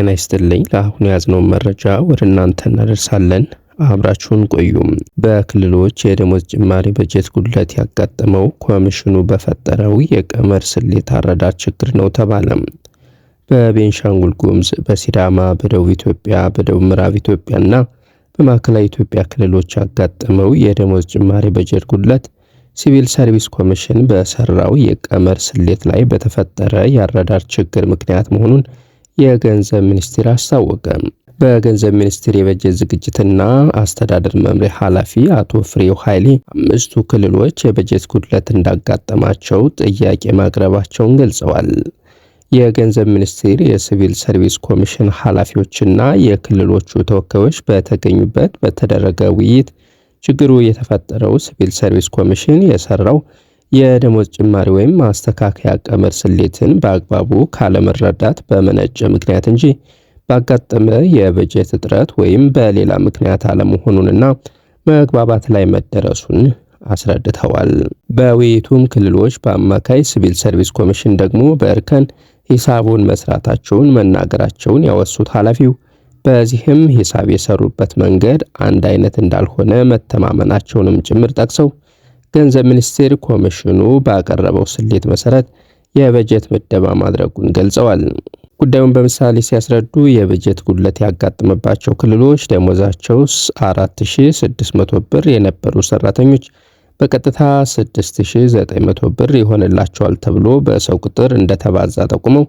ጤና ይስጥልኝ። ለአሁኑ የያዝነውን መረጃ ወደ እናንተ እናደርሳለን። አብራችሁን ቆዩም። በክልሎች የደሞዝ ጭማሪ በጀት ጉድለት ያጋጠመው ኮሚሽኑ በፈጠረው የቀመር ስሌት አረዳድ ችግር ነው ተባለም። በቤንሻንጉል ጉምዝ፣ በሲዳማ፣ በደቡብ ኢትዮጵያ፣ በደቡብ ምዕራብ ኢትዮጵያና በማዕከላዊ ኢትዮጵያ ክልሎች ያጋጠመው የደሞዝ ጭማሪ በጀት ጉድለት ሲቪል ሰርቪስ ኮሚሽን በሰራው የቀመር ስሌት ላይ በተፈጠረ የአረዳድ ችግር ምክንያት መሆኑን የገንዘብ ሚኒስቴር አስታወቀ። በገንዘብ ሚኒስቴር የበጀት ዝግጅትና አስተዳደር መምሪያ ኃላፊ አቶ ፍሬው ኃይሌ አምስቱ ክልሎች የበጀት ጉድለት እንዳጋጠማቸው ጥያቄ ማቅረባቸውን ገልጸዋል። የገንዘብ ሚኒስቴር የሲቪል ሰርቪስ ኮሚሽን ኃላፊዎችና የክልሎቹ ተወካዮች በተገኙበት በተደረገ ውይይት ችግሩ የተፈጠረው ሲቪል ሰርቪስ ኮሚሽን የሰራው የደሞዝ ጭማሪ ወይም ማስተካከያ ቀመር ስሌትን በአግባቡ ካለመረዳት በመነጨ ምክንያት እንጂ ባጋጠመ የበጀት እጥረት ወይም በሌላ ምክንያት አለመሆኑንና መግባባት ላይ መደረሱን አስረድተዋል። በውይይቱም ክልሎች በአማካይ ሲቪል ሰርቪስ ኮሚሽን ደግሞ በእርከን ሂሳቡን መስራታቸውን መናገራቸውን ያወሱት ኃላፊው በዚህም ሂሳብ የሰሩበት መንገድ አንድ አይነት እንዳልሆነ መተማመናቸውንም ጭምር ጠቅሰው ገንዘብ ሚኒስቴር ኮሚሽኑ ባቀረበው ስሌት መሰረት የበጀት ምደባ ማድረጉን ገልጸዋል። ጉዳዩን በምሳሌ ሲያስረዱ የበጀት ጉድለት ያጋጠመባቸው ክልሎች ደሞዛቸው 4600 ብር የነበሩ ሰራተኞች በቀጥታ 6900 ብር ይሆንላቸዋል ተብሎ በሰው ቁጥር እንደተባዛ ጠቁመው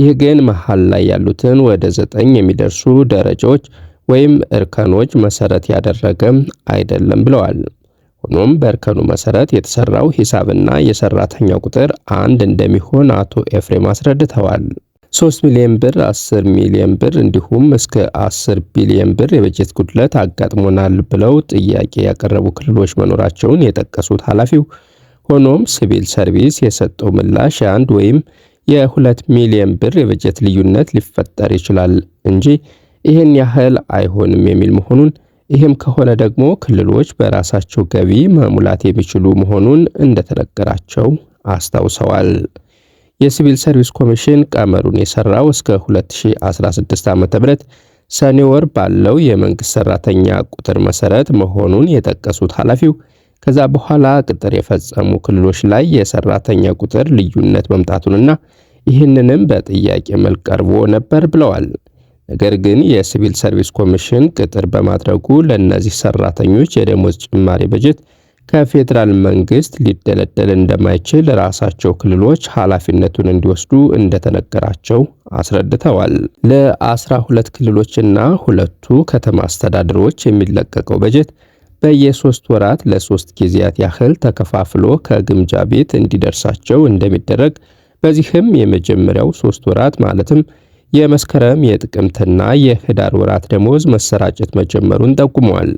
ይህ ግን መሀል ላይ ያሉትን ወደ ዘጠኝ የሚደርሱ ደረጃዎች ወይም እርከኖች መሰረት ያደረገም አይደለም ብለዋል። ሆኖም በእርከኑ መሰረት የተሰራው ሂሳብና የሰራተኛው ቁጥር አንድ እንደሚሆን አቶ ኤፍሬም አስረድተዋል። 3 ሚሊዮን ብር፣ 10 ሚሊዮን ብር እንዲሁም እስከ 10 ቢሊዮን ብር የበጀት ጉድለት አጋጥሞናል ብለው ጥያቄ ያቀረቡ ክልሎች መኖራቸውን የጠቀሱት ኃላፊው ሆኖም ሲቪል ሰርቪስ የሰጠው ምላሽ የአንድ ወይም የ2 ሚሊዮን ብር የበጀት ልዩነት ሊፈጠር ይችላል እንጂ ይህን ያህል አይሆንም የሚል መሆኑን ይህም ከሆነ ደግሞ ክልሎች በራሳቸው ገቢ መሙላት የሚችሉ መሆኑን እንደተነገራቸው አስታውሰዋል። የሲቪል ሰርቪስ ኮሚሽን ቀመሩን የሰራው እስከ 2016 ዓ ም ሰኔ ወር ባለው የመንግሥት ሠራተኛ ቁጥር መሠረት መሆኑን የጠቀሱት ኃላፊው ከዛ በኋላ ቅጥር የፈጸሙ ክልሎች ላይ የሠራተኛ ቁጥር ልዩነት መምጣቱንና ይህንንም በጥያቄ መልክ ቀርቦ ነበር ብለዋል። ነገር ግን የሲቪል ሰርቪስ ኮሚሽን ቅጥር በማድረጉ ለእነዚህ ሰራተኞች የደሞዝ ጭማሪ በጀት ከፌዴራል መንግስት ሊደለደል እንደማይችል ራሳቸው ክልሎች ኃላፊነቱን እንዲወስዱ እንደተነገራቸው አስረድተዋል። ለአስራ ሁለት ክልሎችና ሁለቱ ከተማ አስተዳደሮች የሚለቀቀው በጀት በየሶስት ወራት ለሶስት ጊዜያት ያህል ተከፋፍሎ ከግምጃ ቤት እንዲደርሳቸው እንደሚደረግ በዚህም የመጀመሪያው ሶስት ወራት ማለትም የመስከረም የጥቅምትና የህዳር ወራት ደሞዝ መሰራጨት መጀመሩን ጠቁመዋል።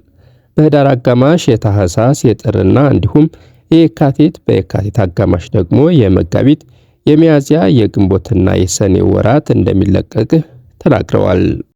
በህዳር አጋማሽ የታህሳስ የጥርና እንዲሁም የካቲት በየካቲት አጋማሽ ደግሞ የመጋቢት የሚያዝያ የግንቦትና የሰኔ ወራት እንደሚለቀቅ ተናግረዋል።